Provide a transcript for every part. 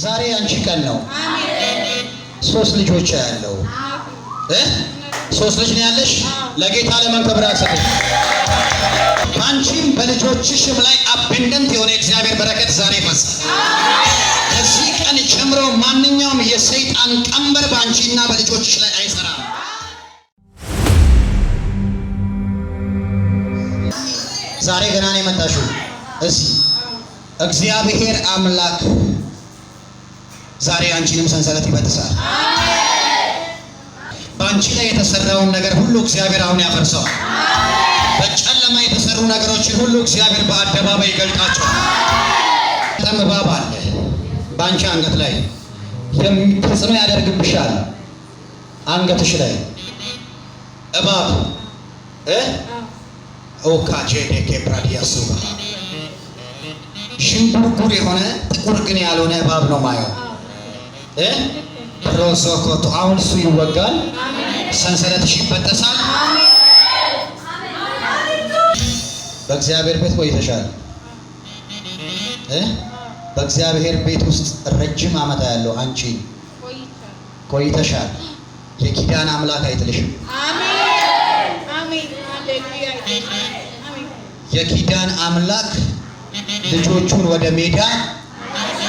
ዛሬ አንቺ ቀን ነው። ሶስት ልጆች ያለው ሶስት ልጅ ነው ያለሽ። ለጌታ ለመንከብራ አሰብሽ። በአንቺም በልጆችሽም ላይ አብንደንት የሆነ እግዚአብሔር በረከት ዛሬ ይፈሳል። ከዚህ ቀን ጀምሮ ማንኛውም የሰይጣን ቀንበር በአንቺና በልጆችሽ ላይ አይሰራም። ዛሬ ገና ነው የመጣሽው። እዚህ እግዚአብሔር አምላክ ዛሬ አንቺንም ሰንሰለት ይበጥሳል። በአንቺ ላይ የተሰራውን ነገር ሁሉ እግዚአብሔር አሁን ያፈርሰዋል። በጨለማ የተሰሩ ነገሮችን ሁሉ እግዚአብሔር በአደባባይ ይገልጣቸዋል። በጣም እባብ አለ በአንቺ አንገት ላይ ተጽዕኖ ያደርግብሻል። አንገትሽ ላይ እባብ ኦካጄዴኬብራዲያሱባ ሽንጉርጉር የሆነ ጥቁር ግን ያልሆነ እባብ ነው ማየው ሮሶኮቶ አሁን እሱ ይወጋል፣ ሰንሰለትሽ ይበጠሳል። በእግዚአብሔር ቤት ቆይተሻል። በእግዚአብሔር ቤት ውስጥ ረጅም ዓመት ያለው አንቺ ቆይተሻል። የኪዳን አምላክ አይጥልሽም። የኪዳን አምላክ ልጆቹን ወደ ሜዳ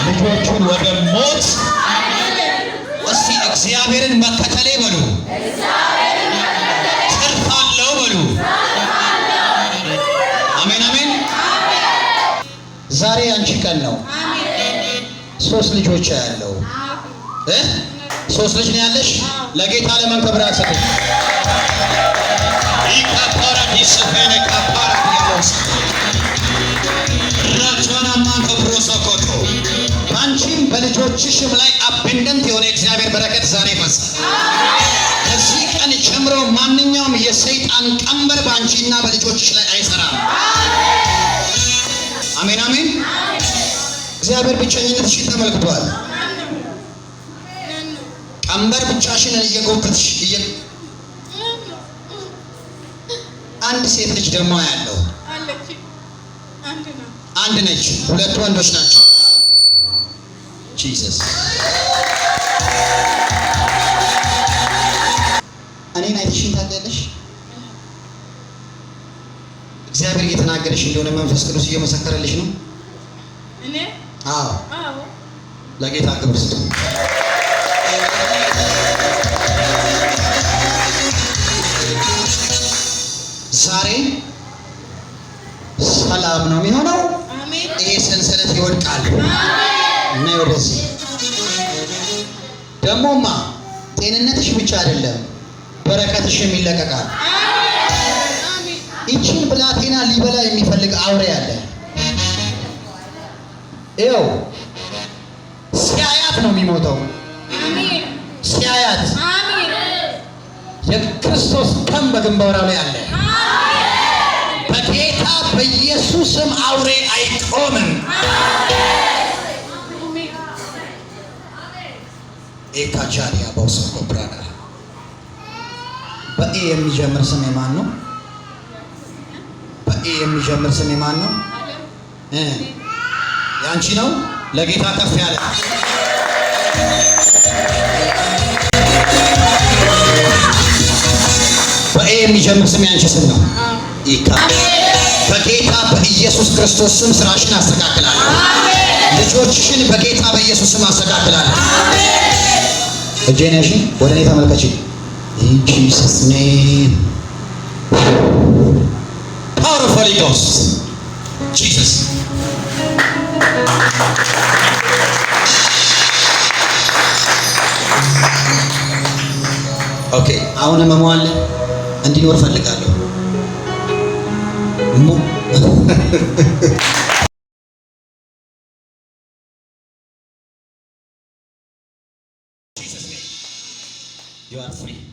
ልጆቹን ወደ ሞት እግዚአብሔርን መከተሌ በሉ፣ ትርፍ አለው በሉ። አሜን አሜን። ዛሬ አንቺ ቀን ነው። ሶስት ልጆች ያለው ሶስት ልጅ ነው ያለሽ። ለጌታ ለመንከብራ ሰጠች በአንቺም በልጆችሽም ላይ አብንደንት የሆነ እግዚአብሔር በረከት ሰይጣን ቀንበር በአንቺና በልጆች ላይ አይሰራም። አሜን አሜን። እግዚአብሔር ብቸኝነትሽን ተመልክቷል። ቀንበር ብቻሽን እየ አንድ ሴት ልጅ ደግሞ ያለው አንድ ነች። ሁለት ወንዶች ናቸው። ጂሰስ እኔን አይተሽኝ ታውቂያለሽ? እግዚአብሔር እየተናገረሽ እንደሆነ መንፈስ ቅዱስ እየመሰከረልሽ ነው። እኔ አዎ፣ ለጌታ ክብር ስጡ። ዛሬ ሰላም ነው የሚሆነው። ይሄ ሰንሰለት ይወድቃል እና ወደዚህ ደግሞማ ጤንነትሽ ብቻ አይደለም በረከትሽም ይለቀቃል። ይችን ብላቴና ሊበላ የሚፈልግ አውሬ አለ። ይኸው ሲያያት ነው የሚሞተው። ሲያያት የክርስቶስ ደም በግንባራው ላይ አለ። በጌታ በኢየሱስም አውሬ አይቆምም። ኤካቻሪያ በውሰኮ ብራዳ በኤ የሚጀምር ስም የማን ነው? ኤ የሚጀምር ስም ማን ነው? ያንቺ ነው። ለጌታ ከፍ ያለ በኤ የሚጀምር ስም ያንቺ ስም ነው። በጌታ በኢየሱስ ክርስቶስ ስም ስራሽን አስተካክላለሁ። ልጆችሽን በጌታ በኢየሱስ ስም አስተካክላለሁ። እጄን ያሺ ወደ እኔ ተመልከቺ። ኢን ጂሰስ ኔም power of Holy Ghost. Jesus. ኦኬ አሁን መሟል እንዲኖር ፈልጋለሁ። You are free.